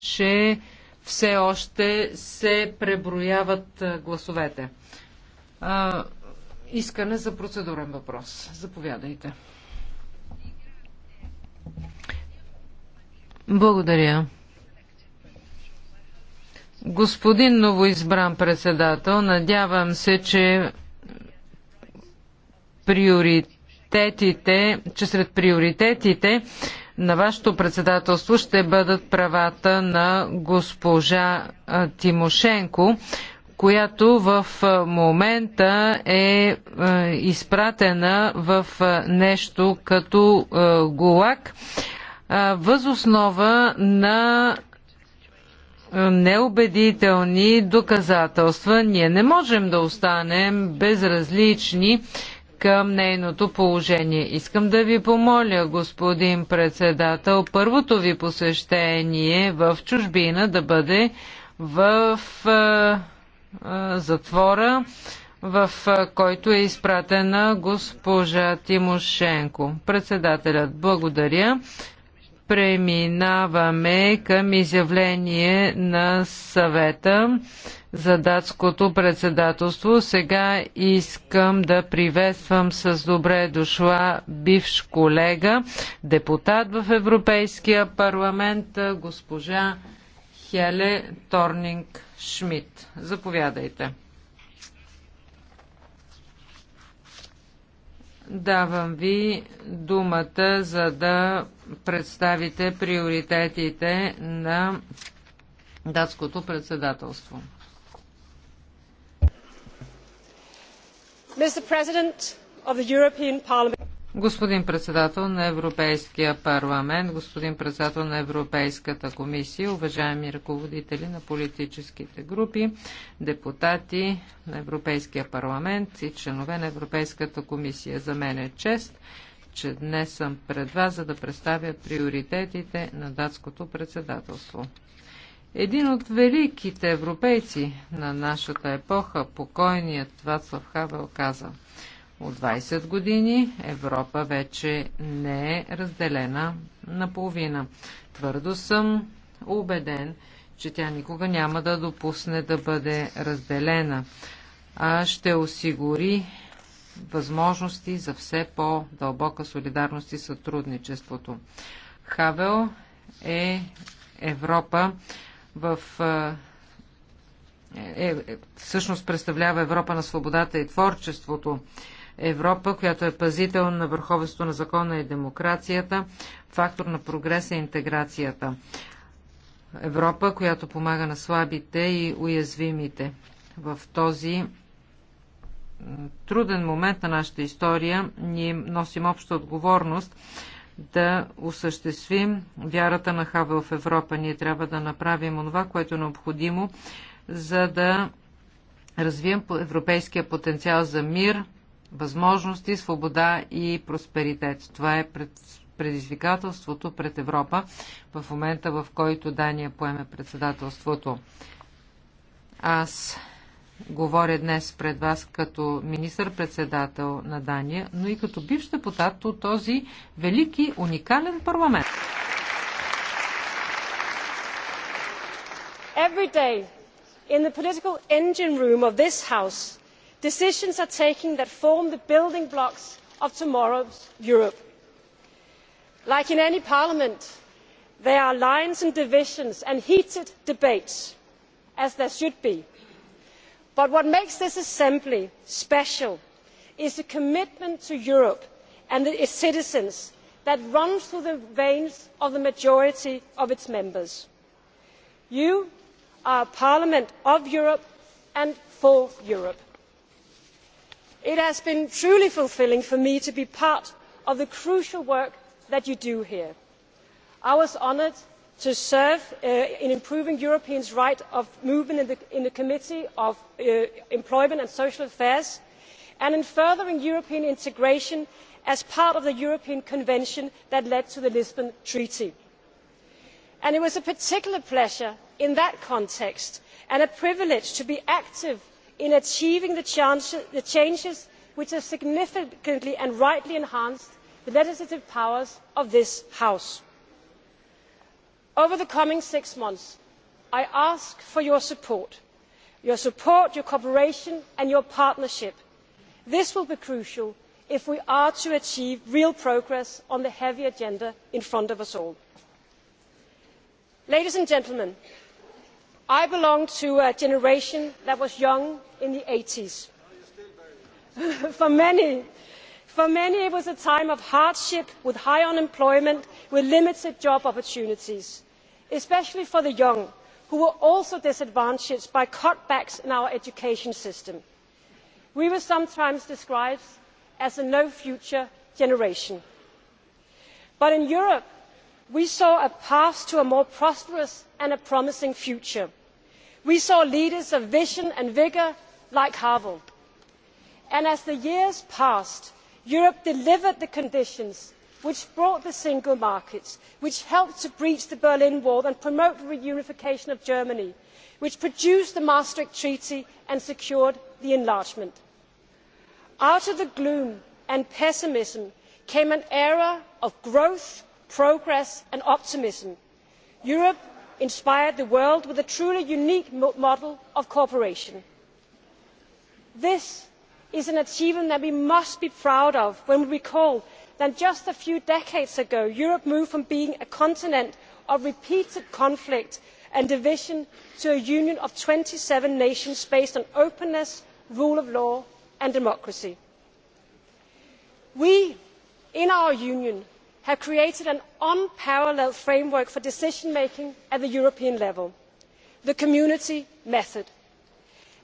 че все още се преброяват гласовете. А, искане за процедурен въпрос. Заповядайте. Благодаря. Господин новоизбран председател, надявам се, че приоритетите, че сред приоритетите на вашето председателство ще бъдат правата на госпожа Тимошенко, която в момента е изпратена в нещо като ГУЛАГ възоснова на неубедителни доказателства. Ние не можем да останем безразлични към нейното положение. Искам да ви помоля, господин председател, първото ви посещение в чужбина да бъде в а, а, затвора, в а, който е изпратена госпожа Тимошенко. Председателят, благодаря преминаваме към изявление на съвета за датското председателство. Сега искам да приветствам с добре дошла бивш колега, депутат в Европейския парламент, госпожа Хеле Торнинг Шмидт. Заповядайте. Давам ви думата, за да представите приоритетите на датското председателство. Господин председател на Европейския парламент, господин председател на Европейската комисия, уважаеми ръководители на политическите групи, депутати на Европейския парламент и членове на Европейската комисия. За мен е чест, че днес съм пред вас, за да представя приоритетите на датското председателство. Един от великите европейци на нашата епоха, покойният Вацлав Хавел, каза – от 20 години Европа вече не е разделена наполовина. Твърдо съм убеден, че тя никога няма да допусне да бъде разделена, а ще осигури възможности за все по-дълбока солидарност и сътрудничеството. Хавел е Европа в е, е, всъщност представлява Европа на свободата и творчеството. Европа, която е пазител на върховенство на закона и демокрацията, фактор на прогреса и интеграцията. Европа, която помага на слабите и уязвимите. В този труден момент на нашата история ние носим обща отговорност да осъществим вярата на Хавел в Европа. Ние трябва да направим онова, което е необходимо, за да развием европейския потенциал за мир, възможности, свобода и просперитет. Това е пред предизвикателството пред Европа в момента, в който Дания поеме председателството. Аз говоря днес пред вас като министър-председател на Дания, но и като бивш депутат от този велики, уникален парламент. Every day in the political engine room of this house decisions are taken that form the building blocks of tomorrow's europe. like in any parliament there are lines and divisions and heated debates as there should be but what makes this assembly special is the commitment to europe and its citizens that runs through the veins of the majority of its members. you are a parliament of europe and for europe it has been truly fulfilling for me to be part of the crucial work that you do here. i was honoured to serve in improving europeans' right of movement in the committee on employment and social affairs and in furthering european integration as part of the european convention that led to the lisbon treaty. it was a particular pleasure in that context and a privilege to be active in achieving the changes which have significantly and rightly enhanced the legislative powers of this house. over the coming six months i ask for your support your support, your cooperation and your partnership. this will be crucial if we are to achieve real progress on the heavy agenda in front of us all. ladies and gentlemen i belong to a generation that was young in the eighties. for many it was a time of hardship with high unemployment with limited job opportunities especially for the young who were also disadvantaged by cutbacks in our education system. we were sometimes described as a no future generation. but in europe we saw a path to a more prosperous and promising future we saw leaders of vision and vigour like havel and as the years passed europe delivered the conditions which brought the single market which helped to breach the berlin wall and promote the reunification of germany which produced the maastricht treaty and secured the enlargement. out of the gloom and pessimism came an era of growth progress and optimism. europe inspired the world with a truly unique model of cooperation. this is an achievement that we must be proud of when we recall that just a few decades ago europe moved from being a continent of repeated conflict and division to a union of twenty seven nations based on openness the rule of law and democracy. we in our union have created an unparalleled framework for decision making at the european level the community method.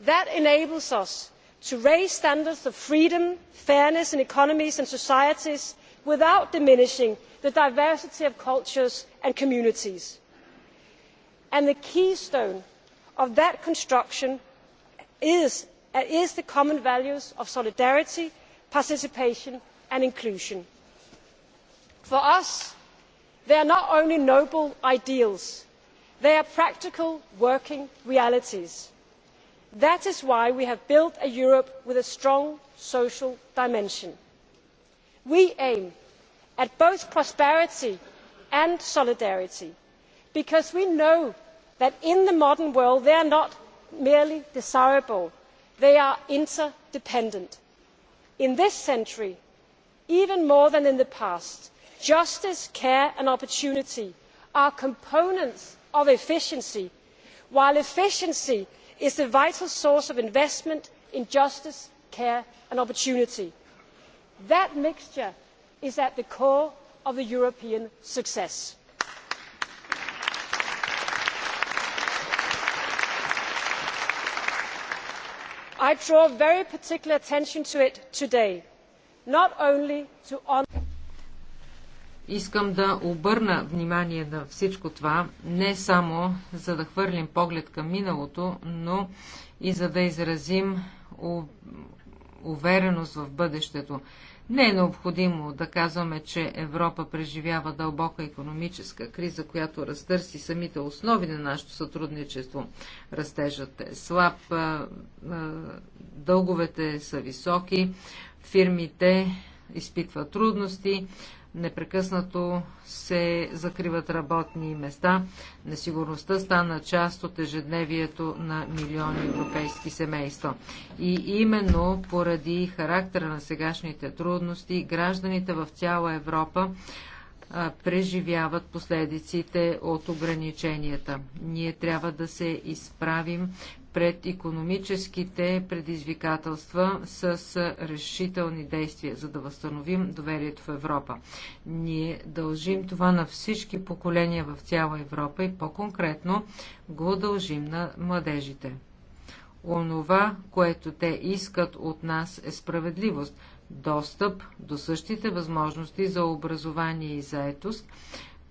that enables us to raise standards of freedom fairness in economies and societies without diminishing the diversity of cultures and communities. the keystone of that construction is the common values of solidarity participation and inclusion for us they are not only noble ideals they are practical working realities. that is why we have built a europe with a strong social dimension. we aim at both prosperity and solidarity because we know that in the modern world they are not merely desirable they are interdependent. in this century even more than in the justice care and opportunity are components of efficiency while efficiency is the vital source of investment in justice care and opportunity. that mixture is at the core of european success. i draw very particular attention to it today not only Искам да обърна внимание на всичко това, не само за да хвърлим поглед към миналото, но и за да изразим увереност в бъдещето. Не е необходимо да казваме, че Европа преживява дълбока економическа криза, която разтърси самите основи на нашето сътрудничество. Растежът е слаб, дълговете са високи, фирмите изпитват трудности, Непрекъснато се закриват работни места. Несигурността стана част от ежедневието на милиони европейски семейства. И именно поради характера на сегашните трудности, гражданите в цяла Европа преживяват последиците от ограниченията. Ние трябва да се изправим пред економическите предизвикателства с решителни действия, за да възстановим доверието в Европа. Ние дължим това на всички поколения в цяла Европа и по-конкретно го дължим на младежите. Онова, което те искат от нас е справедливост, достъп до същите възможности за образование и заетост,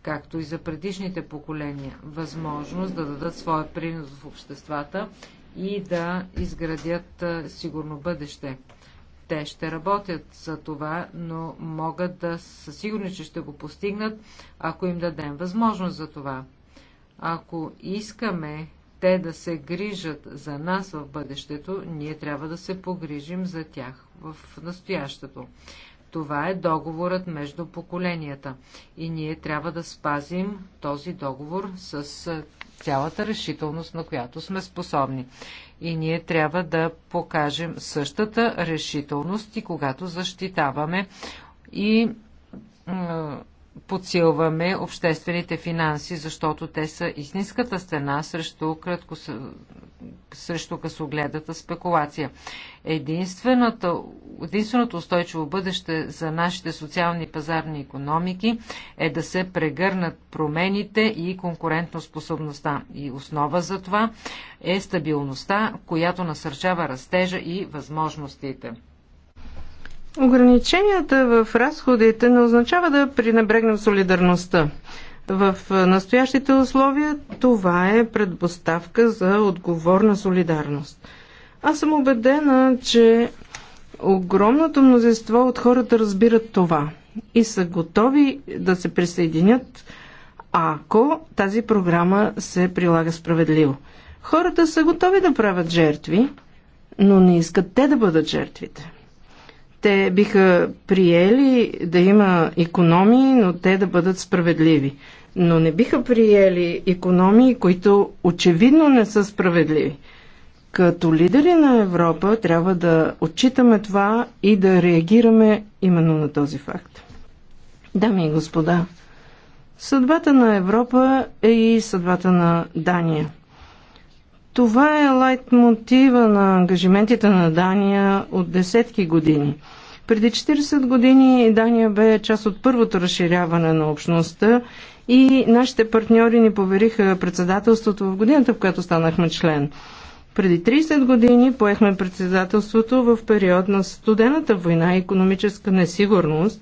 както и за предишните поколения, възможност да дадат своя принос в обществата и да изградят сигурно бъдеще. Те ще работят за това, но могат да са сигурни, че ще го постигнат, ако им дадем възможност за това. Ако искаме те да се грижат за нас в бъдещето, ние трябва да се погрижим за тях в настоящето. Това е договорът между поколенията и ние трябва да спазим този договор с цялата решителност, на която сме способни. И ние трябва да покажем същата решителност и когато защитаваме и подсилваме обществените финанси, защото те са истинската стена срещу краткос срещу късогледата спекулация. Единственото, единственото устойчиво бъдеще за нашите социални пазарни економики е да се прегърнат промените и конкурентоспособността. И основа за това е стабилността, която насърчава растежа и възможностите. Ограниченията в разходите не означава да пренебрегнем солидарността. В настоящите условия това е предпоставка за отговорна солидарност. Аз съм убедена, че огромното мнозинство от хората разбират това и са готови да се присъединят, ако тази програма се прилага справедливо. Хората са готови да правят жертви, но не искат те да бъдат жертвите те биха приели да има економии, но те да бъдат справедливи. Но не биха приели економии, които очевидно не са справедливи. Като лидери на Европа трябва да отчитаме това и да реагираме именно на този факт. Дами и господа, съдбата на Европа е и съдбата на Дания. Това е лайт мотива на ангажиментите на Дания от десетки години – преди 40 години Дания бе част от първото разширяване на общността и нашите партньори ни повериха председателството в годината, в която станахме член. Преди 30 години поехме председателството в период на студената война и економическа несигурност,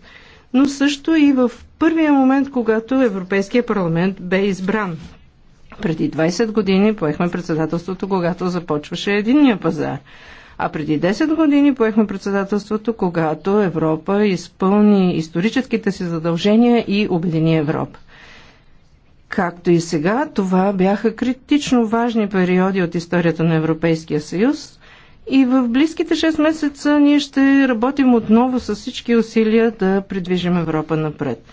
но също и в първия момент, когато Европейския парламент бе избран. Преди 20 години поехме председателството, когато започваше единния пазар. А преди 10 години поехме председателството, когато Европа изпълни историческите си задължения и обедини Европа. Както и сега, това бяха критично важни периоди от историята на Европейския съюз и в близките 6 месеца ние ще работим отново с всички усилия да придвижим Европа напред.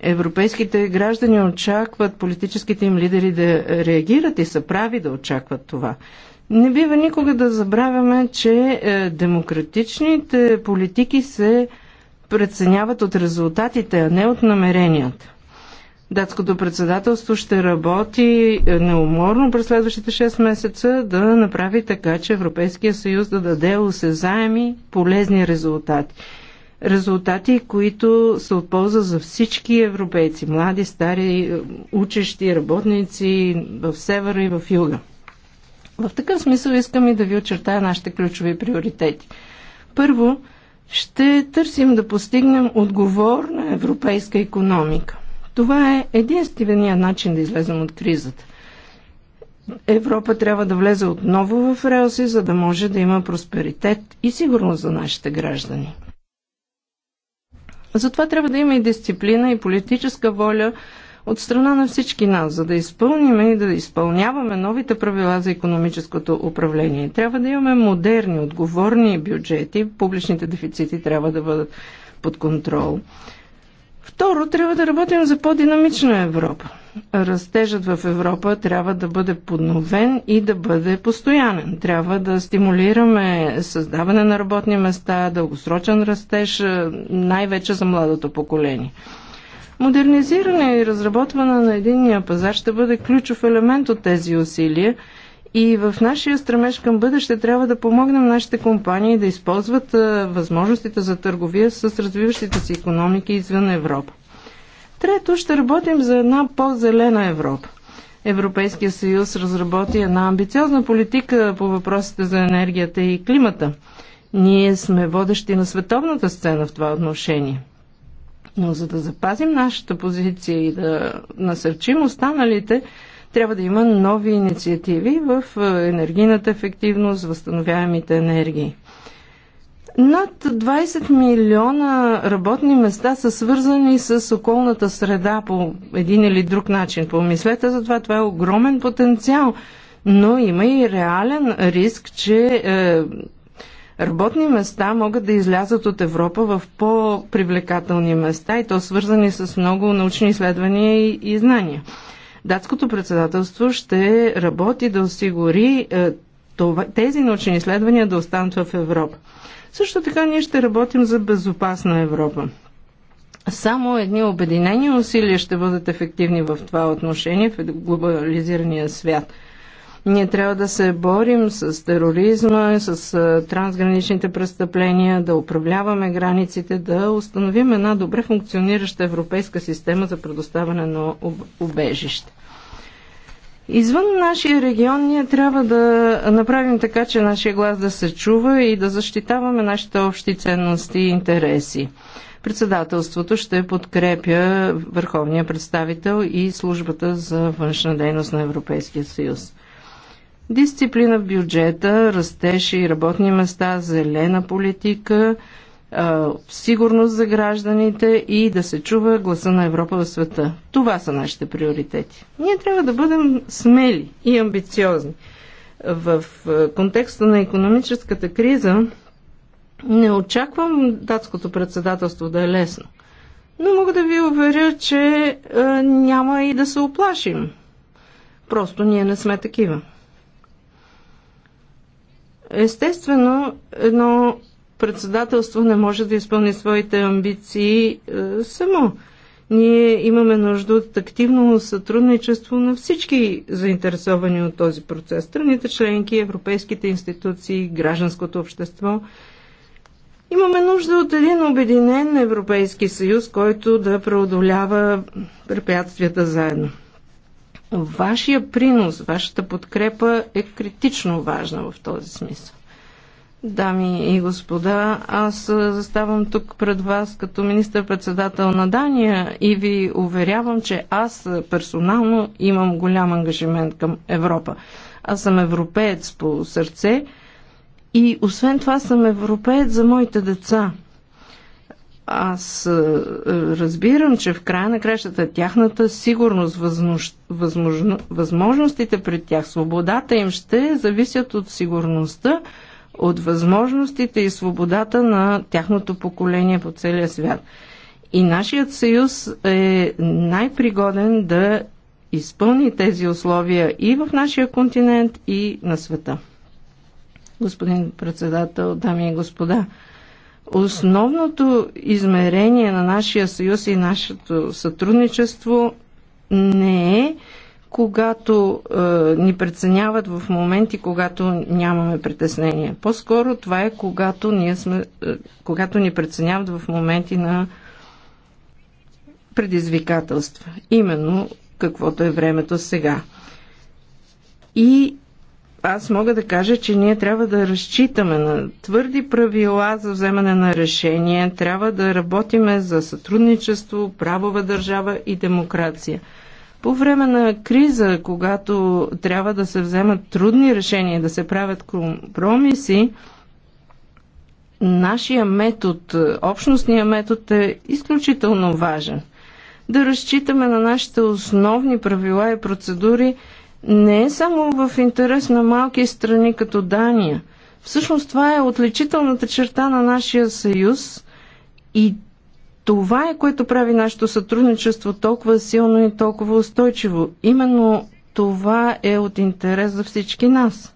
Европейските граждани очакват политическите им лидери да реагират и са прави да очакват това. Не бива никога да забравяме, че е, демократичните политики се преценяват от резултатите, а не от намеренията. Датското председателство ще работи е, неуморно през следващите 6 месеца да направи така, че Европейския съюз да даде осезаеми полезни резултати. Резултати, които са от полза за всички европейци, млади, стари, е, учещи, работници в севера и в юга. В такъв смисъл искам и да ви очертая нашите ключови приоритети. Първо, ще търсим да постигнем отговорна европейска економика. Това е единствения начин да излезем от кризата. Европа трябва да влезе отново в релси, за да може да има просперитет и сигурност за нашите граждани. Затова трябва да има и дисциплина и политическа воля от страна на всички нас, за да изпълним и да изпълняваме новите правила за економическото управление. Трябва да имаме модерни, отговорни бюджети, публичните дефицити трябва да бъдат под контрол. Второ, трябва да работим за по-динамична Европа. Растежът в Европа трябва да бъде подновен и да бъде постоянен. Трябва да стимулираме създаване на работни места, дългосрочен растеж, е, най-вече за младото поколение. Модернизиране и разработване на единния пазар ще бъде ключов елемент от тези усилия и в нашия стремеж към бъдеще трябва да помогнем нашите компании да използват възможностите за търговия с развиващите си економики извън Европа. Трето, ще работим за една по-зелена Европа. Европейския съюз разработи една амбициозна политика по въпросите за енергията и климата. Ние сме водещи на световната сцена в това отношение. Но за да запазим нашата позиция и да насърчим останалите, трябва да има нови инициативи в е, енергийната ефективност, възстановяемите енергии. Над 20 милиона работни места са свързани с околната среда по един или друг начин. Помислете за това, това е огромен потенциал, но има и реален риск, че е, работни места могат да излязат от Европа в по-привлекателни места и то свързани с много научни изследвания и, и знания. Датското председателство ще работи да осигури е, това, тези научни изследвания да останат в Европа. Също така ние ще работим за безопасна Европа. Само едни обединени усилия ще бъдат ефективни в това отношение в глобализирания свят – ние трябва да се борим с тероризма, с трансграничните престъпления, да управляваме границите, да установим една добре функционираща европейска система за предоставяне на убежище. Извън нашия регион ние трябва да направим така, че нашия глас да се чува и да защитаваме нашите общи ценности и интереси. Председателството ще подкрепя върховния представител и службата за външна дейност на Европейския съюз. Дисциплина в бюджета, растеж и работни места, зелена политика, сигурност за гражданите и да се чува гласа на Европа в света. Това са нашите приоритети. Ние трябва да бъдем смели и амбициозни. В контекста на економическата криза не очаквам датското председателство да е лесно. Но мога да ви уверя, че е, няма и да се оплашим. Просто ние не сме такива. Естествено, едно председателство не може да изпълни своите амбиции е, само. Ние имаме нужда от активно сътрудничество на всички заинтересовани от този процес. Страните членки, европейските институции, гражданското общество. Имаме нужда от един обединен Европейски съюз, който да преодолява препятствията заедно. Вашия принос, вашата подкрепа е критично важна в този смисъл. Дами и господа, аз заставам тук пред вас като министър-председател на Дания и ви уверявам, че аз персонално имам голям ангажимент към Европа. Аз съм европеец по сърце и освен това съм европеец за моите деца – аз е, е, разбирам, че в края на кращата тяхната сигурност, възмож... Възможно... възможностите пред тях, свободата им ще зависят от сигурността, от възможностите и свободата на тяхното поколение по целия свят. И нашият съюз е най-пригоден да изпълни тези условия и в нашия континент, и на света. Господин председател, дами и господа, Основното измерение на нашия съюз и нашето сътрудничество не е когато е, ни преценяват в моменти, когато нямаме притеснение. По-скоро това е когато, ние сме, е, когато ни преценяват в моменти на предизвикателства. Именно каквото е времето сега. И аз мога да кажа, че ние трябва да разчитаме на твърди правила за вземане на решения, трябва да работиме за сътрудничество, правова държава и демокрация. По време на криза, когато трябва да се вземат трудни решения, да се правят компромиси, нашия метод, общностния метод е изключително важен. Да разчитаме на нашите основни правила и процедури – не е само в интерес на малки страни като Дания. Всъщност това е отличителната черта на нашия съюз и това е което прави нашето сътрудничество толкова силно и толкова устойчиво. Именно това е от интерес за всички нас.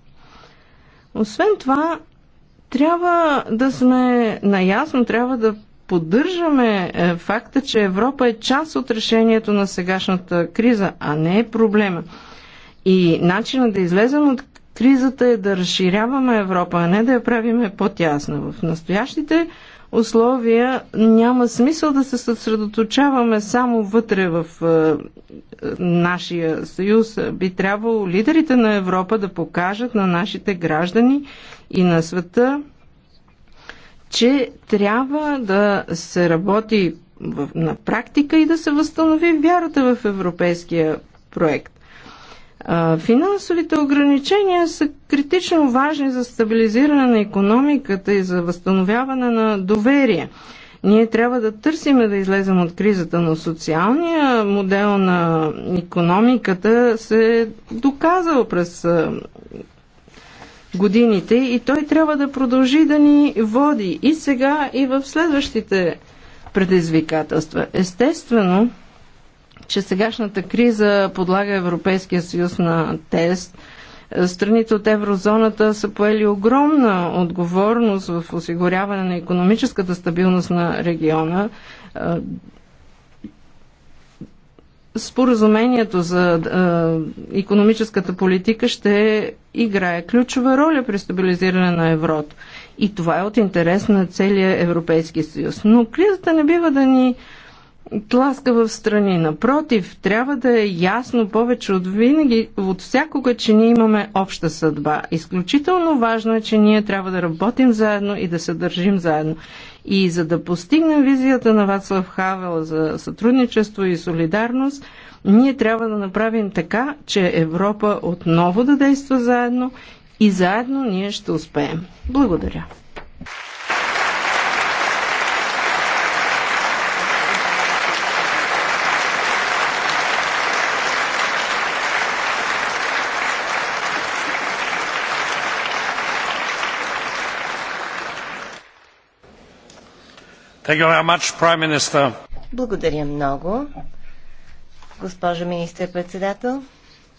Освен това, трябва да сме наясно, трябва да поддържаме е, факта, че Европа е част от решението на сегашната криза, а не е проблема. И начинът да излезем от кризата е да разширяваме Европа, а не да я правиме по-тясна. В настоящите условия няма смисъл да се съсредоточаваме само вътре в е, нашия съюз. Би трябвало лидерите на Европа да покажат на нашите граждани и на света, че трябва да се работи в, на практика и да се възстанови вярата в европейския проект. Финансовите ограничения са критично важни за стабилизиране на економиката и за възстановяване на доверие. Ние трябва да търсим да излезем от кризата, но социалния модел на економиката се е доказал през годините и той трябва да продължи да ни води и сега, и в следващите предизвикателства. Естествено, че сегашната криза подлага Европейския съюз на тест. Страните от еврозоната са поели огромна отговорност в осигуряване на економическата стабилност на региона. Споразумението за економическата политика ще играе ключова роля при стабилизиране на еврото. И това е от интерес на целия Европейски съюз. Но кризата не бива да ни тласка в страни. Напротив, трябва да е ясно повече от винаги, от всякога, че ние имаме обща съдба. Изключително важно е, че ние трябва да работим заедно и да се държим заедно. И за да постигнем визията на Вацлав Хавел за сътрудничество и солидарност, ние трябва да направим така, че Европа отново да действа заедно и заедно ние ще успеем. Благодаря. Благодаря много. Госпожо министър-председател,